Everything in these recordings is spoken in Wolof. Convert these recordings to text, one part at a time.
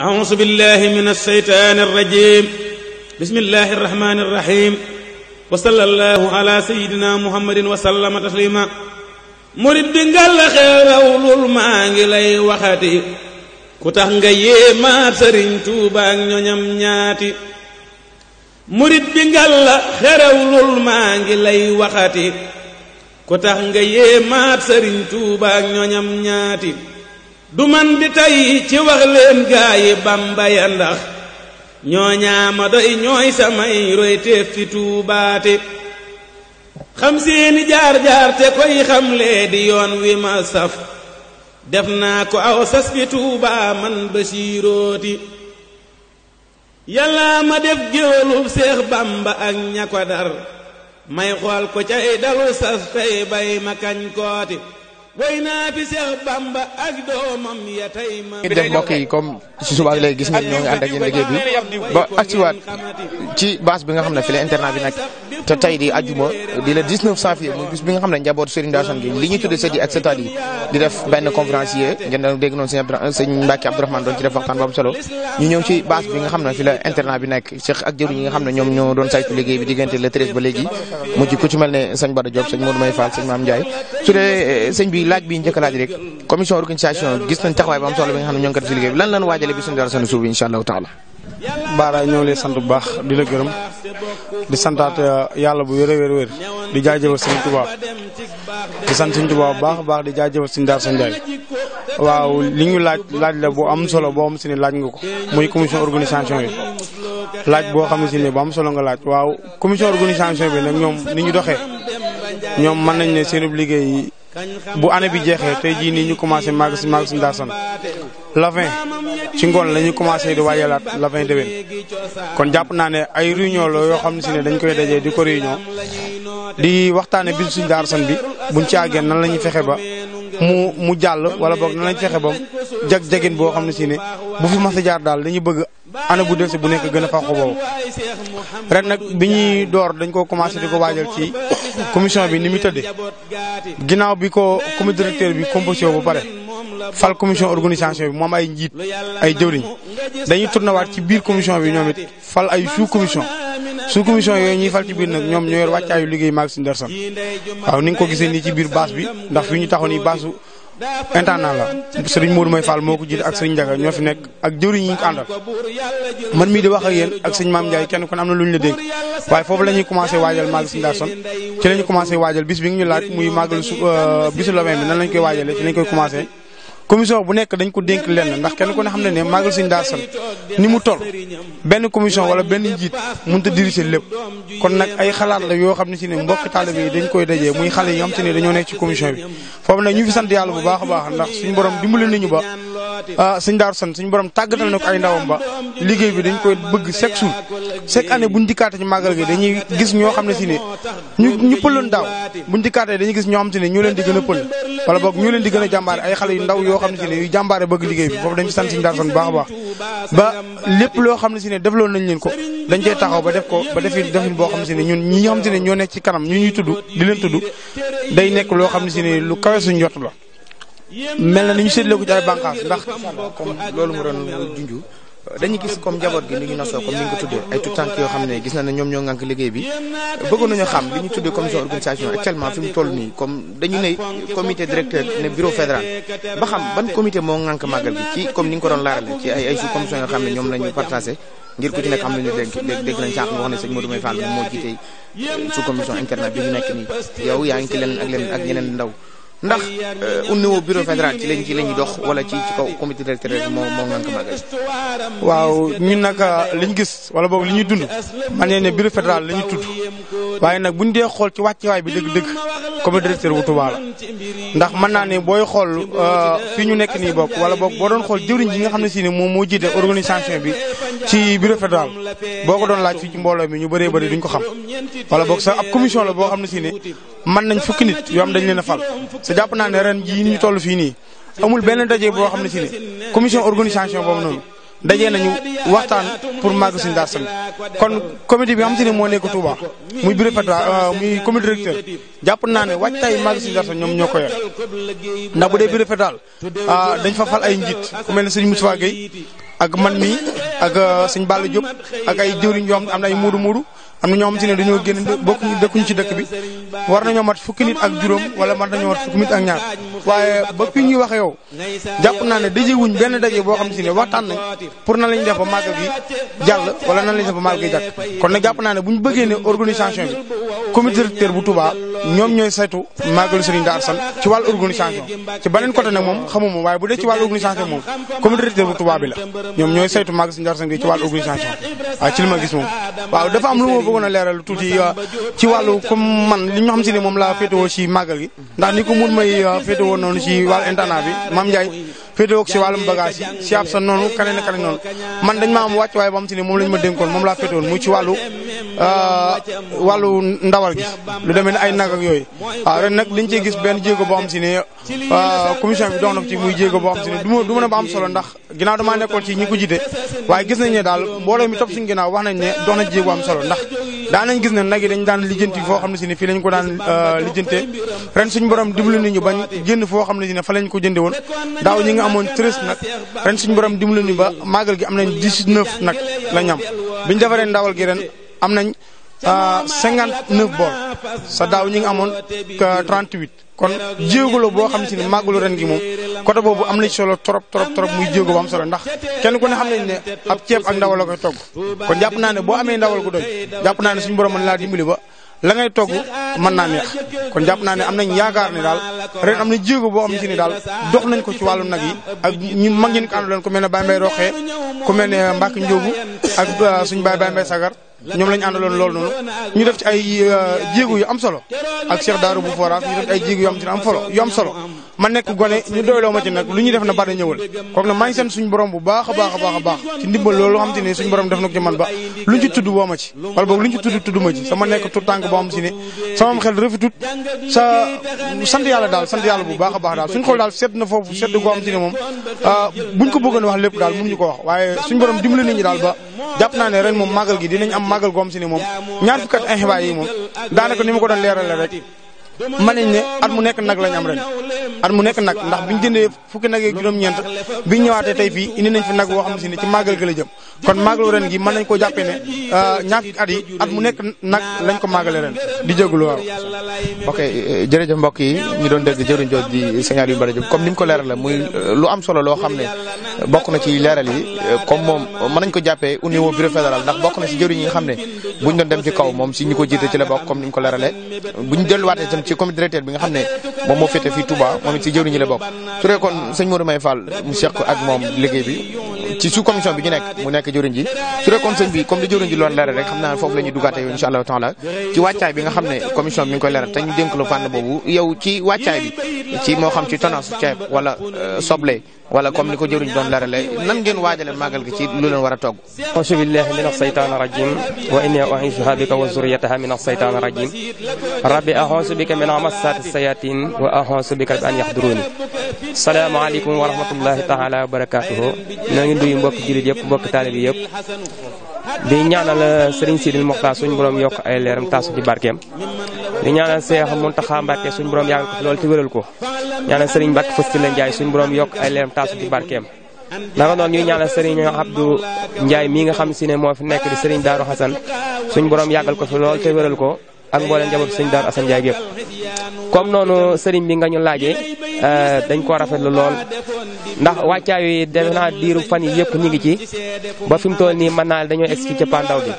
أعوذ بالله من الشيطان الرجيم بسم الله الرحمن الرحيم وصلى الله على سيدنا محمد وسلم تسليما murit bi nga la xeerawlul murit bi nga la xeerawlul maa ngi lay waxati ku tax nga yéemaat sëriñ Tuubaa ak ñoñam ñaati du man di tey ci wax leen gaa Bamba ya ndax ñoo ñaama doy ñooy samay roy teef fi tuubaate xam seeni jaar-jaar te koy xamlee di yoon wi ma saf def naa ko aw sas fi tuubaa man Basiirooti yàllaa ma def géwëlub Seex Bamba ak ña ko dar may xool ko cay dalu sas tey bay ma kañ kooti ngeen def mbokk yi comme si subaa léegi gis ngeen ñoo ngi ànd ak yéen liggéey bi ba agsiwaat ci base bi nga xam ne fi la internat bi nekk te tey di ajuma di le 19 janvier muy bis bi nga xam ne njabootu Serigne Dassane gi li ñuy tuddee sët yi ak sëtaat yi di def benn conférencier ngeen doon dégg noonu doon ci def waxtaan bu am solo ñu ñëw ci base bi nga xam ne fi la internat bi nekk Cheikh ak jëriñ nga xam ne ñoom ñoo doon saytu liggéey bi diggante le 13 ba léegi mujj ku ci mel ne sëñ Bada Diop sëñ Modou May Fall sëñ Mame Ndiaye su dee eh, sëñ bi laaj bi njëkk a laaj rek commission organisation gis nga xam ne ñoo ngi ko def ci liggéey bi lan lan waajale bi sëñ Dassane Sow bi incha Baara ñëw ngi sant bu baax di la gërëm di santaat uh, yàlla bu wér wér wér di jaajëfal Sëñ Tuubaa di sant Sëñ Tuubaa baax baax di jaajëfal Sëñ Daar Sëñ Njaay waaw li ñu laaj laaj la bu am solo boo am si ne laaj nga ko muy commission organisation yi laaj boo xam si ne bu am solo nga laaj waaw commission organisation bi nag ñoom ni ñu doxee ñoom mën nañ ne seen liggéey bu année bi jeexee tey jii nii ñu commencé magasin magasin Daar Sane la ci ngoon la ñuy commencé di waajalaat la vingt kon jàpp naa ne ay réunion la yoo xam ne si ne dañ koy dajee di ko réunion di waxtaane bisu suñ Daaru San bi buñ ci àggee nan la ñuy fexe ba mu mu jàll wala boog nan la ñuy fexe ba jag jagin boo xam ne si ne bu fi mas a jaar daal dañuy bëgg ana bu del si bu nekk gën a fàqu boobu nag bi ñuy door dañ koo commencé di ko waajal ci commission bi ni mu tëddee ginnaaw bi ko comité directeur bi composé bu pare fal commission organisation bi moom ay njiit ay jëwriñ dañuy tourné ci biir commission bi ñoom it fal ay sous commission sous commission yooyu ñuy fal ci biir nag ñoom ñoo yor wàccaayu liggéey maag si ndersan moo ko jiite ak sëriñ ñoo fi nekk ak jëwriñ ñu ko àndal man mii di wax ak yéen ak sëñ Maam lu ñu la dénk waaye foofu la ñuy commencé waajal Magal Sëñ Ndarsan ci la ñu waajal bis bi nga ñu laaj muy màggalu su euh, bisu lobin bi koy waajalee ci lañ koy commencé commission bu nekk dañ ko dénk lenn ndax kenn ku ne xam ne ne màggal Sëñ Daaru ni mu toll benn commission wala benn njiit mënut a diriger lépp kon nag ay xalaat la yoo xam ne si ne mbokki taalibe yi dañ koy dajee muy xale yi nga ne dañoo nekk ci commission bi foofu nag ñu fi sant yàlla bu baax a baax ndax suñu borom dimbali nañu ba Ah, sëñ Daaru San suñu borom tàggatal na ko ay ndawam ba liggéey bi dañ koy bëgg chaque jour chaque année buñ dikkaate ci màggal gi dañuy gis ñoo xam ne si ne ñu ñu pëloon daaw buñ dikkaatee ñoo leen di gën a pël wala boog ñoo leen di gën a jàmbaare ay xale yu ndaw yoo xam ne si ne yu jàmbaare bëgg liggéey bi foofu dañ ci sant sëñ baax baax ba lépp loo xam ne si ne defloon nañ leen ko dañ cee taxaw ba def ko ba defi defin boo xam ne si ne ñun ñi nga xam si ne ñoo nekk ci kanam ñu ñuy tudd di leen tudd day nekk loo xam ne ne lu kawe la mel na ni ñu séddale ko ci ay bànqaas ndax comme loolu mu doon junju dañu gis comme njaboot gi ni ñu nasoo comme ni nga ko tuddee ay tout tànk yoo xam ne gis na ne ñoom ñoo ngànk liggéey bi bëggoon nañu comme dañu ne comité directeur ne bureau fédéral moo ngànk màggal gi ci ni nga ko doon laarale ci ay ay sous commission yoo xam ne ngir ku nekk nii yow yaa ngi ci leneen ak leneen ak ñeneen ndaw ndax euh, au niveau bureau fédéral ci lañ ci la ñuy dox wala ci ci kaw comité directeur moo waaw ñun nag euh, liñ gis wala boog li ñuy dund man nee ne bureau fédéral la ñuy tudd waaye nag buñ dee xool ci wàccewaay bi dëgg-dëgg comité directeur wu Touba la ndax mën naa ne booy xool euh, fii ñu nekk nii bokk wala boog boo doon xool jëwriñ ji nga xam ne si ne moom moo jiite organisation bi ci bureau fédéral boo ko doon laaj mbooloo mi ñu bëree bëri duñ ko xam wala boog sax ab commission la boo xam ne si ne mën nañ fukki nit yoo am dañ leen a fal te jàpp naa ne ren jii ñu toll fii nii amul benn daje boo xam ne si ne commission organisation boobu noonu dajee nañu waxtaan pour màgg suñu Daaru kon comité bi nga xam si ne moo nekk Touba muy bureau euh, fédéral muy comité directeur jàpp naa ne waajtaay màgg suñu Daaru Salaam ñoom ñoo ko yor ndax bu dee bureau fédéral ah, dañ fa fal ay njiit ku mel ne sëñ Moustapha Gueye ak man mi ak euh, sëñ Balla Diop ak ay jëwriñ yoo am na ay muudu muudu am na ñoo xam si ne dañoo génn bokkuñu dëkkuñu ci dëkk bi war nañoo mat fukki nit ak juróom wala war nañoo mat fukki nit ak ñaar waaye ba fi ñuy wax jàpp naa ne daje wuñ benn daje boo xam si ne waxtaan nañ pour nan lañ def ba màggal gi jàll wala nan lañ def ba gi jàkk kon nag jàpp naa ne bu bëggee ne organisation bi comité directeur bu Touba ñoom ñooy saytu màggalu Serigne Darou Assane ci ci beneen ñoom ñooy saytu magasin Ndiassane gi ci wàllu organisation waaw ah, ci li ma gis moom waaw dafa am lu ma bëggoon a leeral tuuti ah, ci wàllu comme man li ñu xam si ne moom laa féetewoo ci màggal gi ndax ni ko mun may ah, féetewoo noonu ci wàllu internet bi Mame Ndiaye féetewoo ci wàllum bagage yi si ab sa noonu kaneen kaneen noonu man dañ ma am waay waaye ba xam si ne moom lañ ma dénkoon moom laa féetewoon muy ci wàllu Euh, wàllu ndawal gi lu demee ne ay nag ak yooyu waaw ah, ren nag dañ cee gis benn jéego boo xam si ne ah, commission bi dox na ci muy jéego boo am si ne du ma am solo ndax ginnaaw damaa nekkoon ci ñi ko jiite waaye gis nañ ne daal mbooloo mi topp suñu ginnaaw wax nañ ne dox na jéego am solo ndax daan nañ gis ne nag yi dañ daan lijjanti foo xam ne si ne fii lañ ko daan euh, lijjante ren suñu borom dimbali ñu bañ génn foo xam ne si ne fa lañ ko jënde woon daaw ñi nga amoon treize nag ren suñu borom dimbali nañu ba màggal gi am nañ dix-neuf nag la ñam biñ gi ren am nañ ah, cinquante neuf bool sa daaw ñu ngi amoon trente huit kon jéego boo xam si ne màggalu ren gi moom côté boobu am na ci solo trop trop trop muy jéego bu am solo ndax kenn ku ne xam nañ ne ab ceeb ak ndawal la koy togg kon jàpp naa ne boo amee ndawal gu doy jàpp naa ne suñu borom mën laa dimbali ba la ngay togg mën naa neex kon jàpp naa ne am nañ yaakaar ne daal ren am na jéego boo xam si ne daal dox nañ ko ci wàllu nag yi ak ñu mag ñi ko àndaloon ku mel ne Baye Mbaye Roxee ku mel ne Mbacke ak ah, suñu Baye Sagar ñoom lañu àndaloon loolu noonu ñu def ci ay euh, jéego yu am solo ak Cheikh daar bu Foras ñu def ci ay jéego yu am ci am solo yu am solo ma nekk gone ñu doyloo ma ci nag lu ñuy def na bari ñëwal kon nag maa ngi sant borom bu baax a baax a baax a baax ci ndimbal loolu xam te ne suñu borom def na ko ci man ba luñ ci tudd woo ma ci wala boog sa sant yàlla daal sant yàlla bu baax a baax daal suñ xool daal sedd na foofu sedd goo si ne moom ah, buñ ko bëggoon wax lépp daal mun ñu ko wax waaye suñu borom dimbali nañu daal ba jàpp naa ne ren moom màggal gi dinañ am màggal goo xam si ne moom ñaar fukkat ay xibaar yi moom daanaka ni ma ko doon leerale mën nañ ne at mu nekk nag lañ am ren at mu nekk nag ndax biñ jëndee fukki nag yeeg juróom-ñeent biñ ñëwaatee tey fii indi nañ fi nag boo xam si ne ci màggal gi la jëm kon màggalu ren gi nañ koo jàppee ne euh, at yi at nag lañ ko màggale ren di jégalu waaw. ok jërëjëf mbokk yi ñu doon dégg jëriñ jooj di signal yu bari comme ni mu ko leeral la muy lu am solo loo xam ne bokk na ci leeral yi moom mën nañ ko jàppee au niveau fédéral ndax bokk na ci jëriñ yi nga xam ne buñ doon dem ci kaw moom si ñu ko jiite ci la bokk comme ni mu ko bu ñu delluwaatee itam ci comité directeur bi nga xam ne moom moo féete fii Touba moom it si jëwriñu la bokk su rekkoon sëñ Modou May Fall mu seq ak moom liggéey bi ci sous commission bi ñu nekk mu nekk jëriñ ji su dee kon sëñ bi comme li jëriñ ji loon leeral rek xam naa foofu la ñuy duggaate ci wàccaay bi nga xam ne commission bi mi koy leeral te ñu dénk boobu yow ci wàccaay bi ci moo xam ci tonnage ceeb wala euh, soble wala comme ni ko jëriñ doon leerale nan ngeen waajale màggal gi ci lu leen war a togg auzu min asaytaan rajim wa inni u'iizuha bika wa zurriyataha min asaytaan rajim rabbi wa a'uuzu bika bi an yahduruni nuyu mbokki jullit yëpp mbokki taalib yi yëpp di ñaanal uh, Serigne Sidil Mokhtar suñu borom yokk ay leeram taasu ci barkeem di ñaanal Cheikh Mountakha Mbacké suñu borom yàggal ko fi loolu te wéral ko ñaanal Serigne Mbacké Fass Tile Ndiaye suñu borom yokk ay leeram taasu ci barkeem. naka noonu ñuy ñaanal Serigne Abdou Ndiaye mii nga xam si ne moo fi nekk di Serigne Darou Hassan suñu borom yàggal ko fi loolu te wéral ko. ak mboolem njaboot sëñ Daaru Asan Njaay gépp comme noonu sëriñ bi nga ñu laajee euh, dañ ko rafetlu lool ndax wàccaaw yi defe naa diiru fan yi yëpp ñu ngi ci ba fi mu toll nii mën naa dañoo egg ci pandaw bi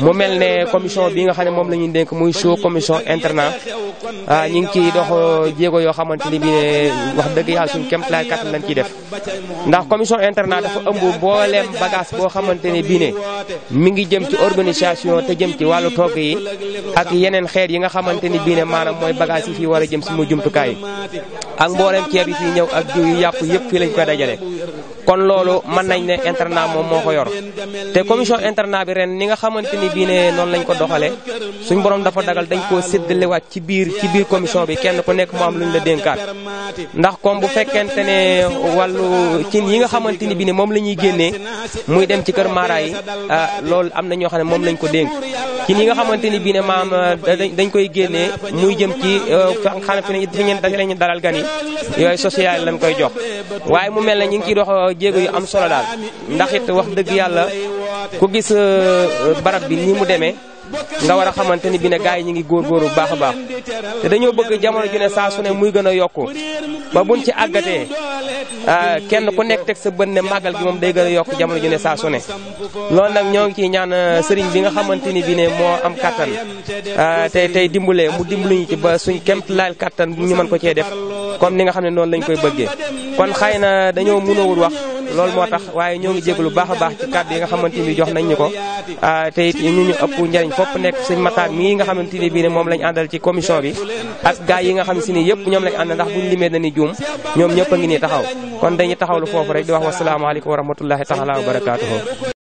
mu mel ne commission bi nga xam ne moom la ñuy dénk muy sous commission internat ah ñu ngi ciy dox euh, jéego yoo xamante ni bi wax dëgg yàlla suñu kéemtalaay kàttan lañ ciy def. ndax commission internat dafa ëmb mbooleem bagage boo xamante ne bii ne mi ngi jëm ci organisation te jëm ci wàllu togg yi ak yeneen xeet yi nga xamante ni bii ne maanaam mooy bagage yi fii war a jëm si mu jumtukaay yi ak mbooleem ceeb yi fii ñëw ak jiw yi yàpp yëpp fii lañ koy dajale kon loolu mën nañ ne internat moom moo ko yor. te commission internat bi ren ni nga xamante ni bii ne noonu lañ ko doxalee suñ borom dafa dagal dañ koo séddalewaat ci biir ci biir commission bi kenn ku nekk mu am luñ la dénkaat. ndax comme bu fekkente ne wàllu cin yi nga xamante ni bii ne moom la ñuy génnee muy dem ci kër Mara yi ah, loolu am na ñoo xam ne moom lañ ko dénk cin yi nga xamante ni bii ne maam ah, dañ koy génnee muy jëm ci ah, xanaa fi ngeen fi ngeen dalal gan yi yooyu social lañ koy jox waaye mu mel ne ñu ngi ciy dox jéego yu am solo daal wax dëgg yàlla. ku gis euh, barab bi ni mu demee nga war a xamante ni bi ne gaa yi ñu ngi góorgóorlu bu baax a baax te dañoo bëgg jamono ju ne saa su ne muy gën a yokku ba buñ ci àggatee euh, kenn ku nekk teg sa bët ne màggal bi moom day gën a yokk jamono ju ne saa su loolu nag ñoo ngi ciy ñaan euh, sëriñ bi nga xamante ni bi ne moo am kattan tey tey dimbale mu dimbali ñu ci ba suñ kemt laal kattan ñu mën ko cee def kom ni nga xam ne noonu lañ koy bëggee kon xëy na dañoo mënawul wax. loolu moo tax waaye ñoo ngi jégalu baax a baax ci kàddu yi nga xamante ni jox nañ ñu ko ah, te it ñu ñu ëpp njariñ fopp nekk sëñ Matar mii nga xamante ni bii ne moom lañ àndal ci commission bi ak gaay yi nga xam si ni yëpp ñoom lañ ànd ndax buñ limee dañuy juum ñoom ñëpp a ngi nii taxaw kon dañuy taxawlu foofu rek di wax wasalaamaaleykum wa rahmatullahi taala wa barakaatuhu